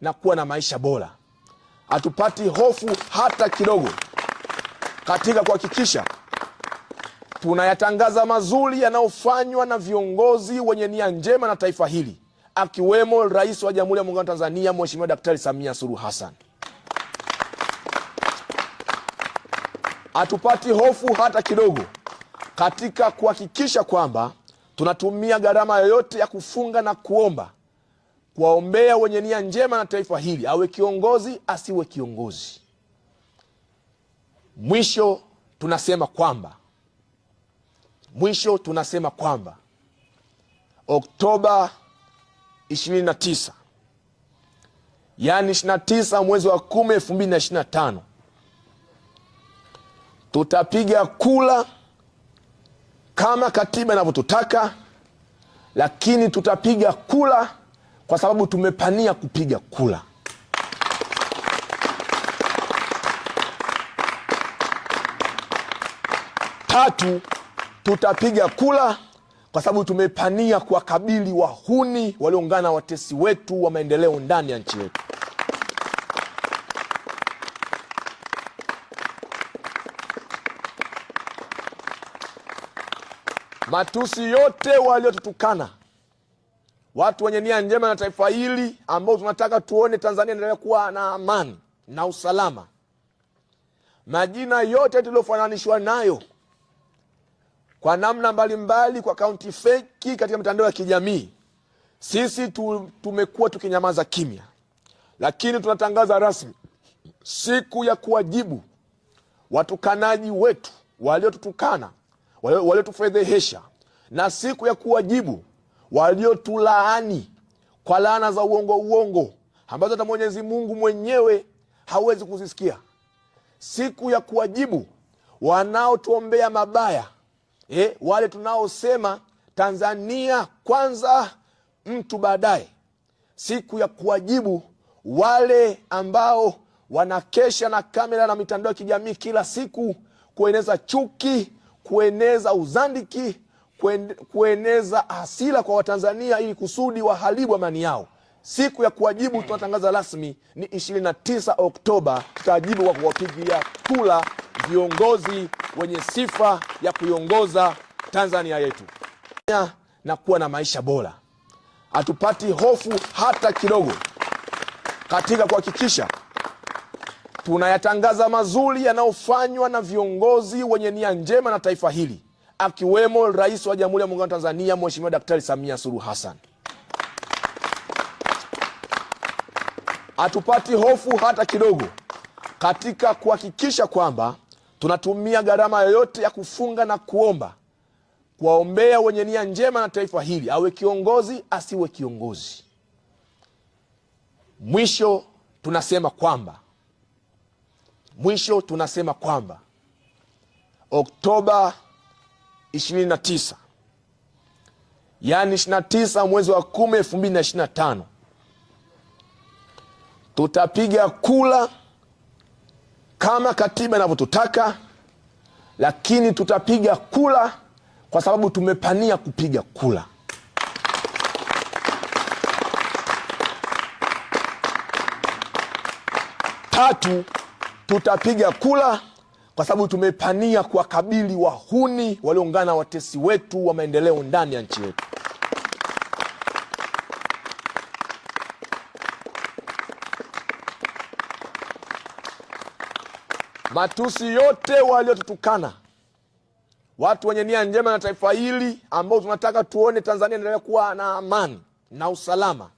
na kuwa na maisha bora. Hatupati hofu hata kidogo katika kuhakikisha tunayatangaza mazuri yanayofanywa na viongozi wenye nia njema na taifa hili, akiwemo Rais wa Jamhuri ya Muungano wa Tanzania Mheshimiwa Daktari Samia Suluhu Hassan. Hatupati hofu hata kidogo katika kuhakikisha kwamba tunatumia gharama yoyote ya kufunga na kuomba kuwaombea wenye nia njema na taifa hili, awe kiongozi asiwe kiongozi. Mwisho tunasema kwamba mwisho tunasema kwamba Oktoba 29 yaani 29 mwezi wa 10 2025 tutapiga kula kama katiba inavyotutaka, lakini tutapiga kula kwa sababu tumepania kupiga kula. Tatu, tutapiga kula kwa sababu tumepania kuwakabili wahuni walioungana watesi wetu wa maendeleo ndani ya nchi yetu. Matusi yote waliotutukana watu wenye nia njema na taifa hili ambao tunataka tuone Tanzania endelea kuwa na amani na usalama. Majina yote tuliofananishwa nayo kwa namna mbalimbali kwa kaunti feki katika mitandao ya kijamii, sisi tumekuwa tukinyamaza kimya, lakini tunatangaza rasmi siku ya kuwajibu watukanaji wetu waliotutukana, waliotufedhehesha na siku ya kuwajibu waliotulaani kwa laana za uongo uongo ambazo hata Mwenyezi Mungu mwenyewe hawezi kuzisikia. Siku ya kuwajibu wanaotuombea mabaya e, wale tunaosema Tanzania kwanza mtu baadaye. Siku ya kuwajibu wale ambao wanakesha na kamera na mitandao ya kijamii kila siku kueneza chuki, kueneza uzandiki kueneza hasira kwa Watanzania ili kusudi waharibu amani yao. Siku ya kuwajibu tunatangaza rasmi ni 29 Oktoba. tutawajibu kwa kuwapigia kula viongozi wenye sifa ya kuiongoza Tanzania yetu na kuwa na maisha bora. Hatupati hofu hata kidogo katika kuhakikisha tunayatangaza mazuri yanayofanywa na viongozi wenye nia njema na taifa hili akiwemo Rais wa Jamhuri ya Muungano wa Tanzania Mheshimiwa Daktari Samia Suluhu Hassan. Hatupati hofu hata kidogo katika kuhakikisha kwamba tunatumia gharama yoyote ya kufunga na kuomba kuwaombea wenye nia njema na taifa hili, awe kiongozi asiwe kiongozi. Mwisho tunasema kwamba mwisho tunasema kwamba Oktoba ishirini na tisa yaani ishirini na tisa mwezi wa kumi elfu mbili na ishirini na tano tutapiga kula kama katiba inavyotutaka, lakini tutapiga kula kwa sababu tumepania kupiga kula. Tatu, tutapiga kula kwa sababu tumepania kuwakabili wahuni walioungana watesi wetu wa maendeleo ndani ya nchi yetu. Matusi yote waliotutukana, watu wenye nia njema na taifa hili ambao tunataka tuone Tanzania endelea kuwa na amani na usalama,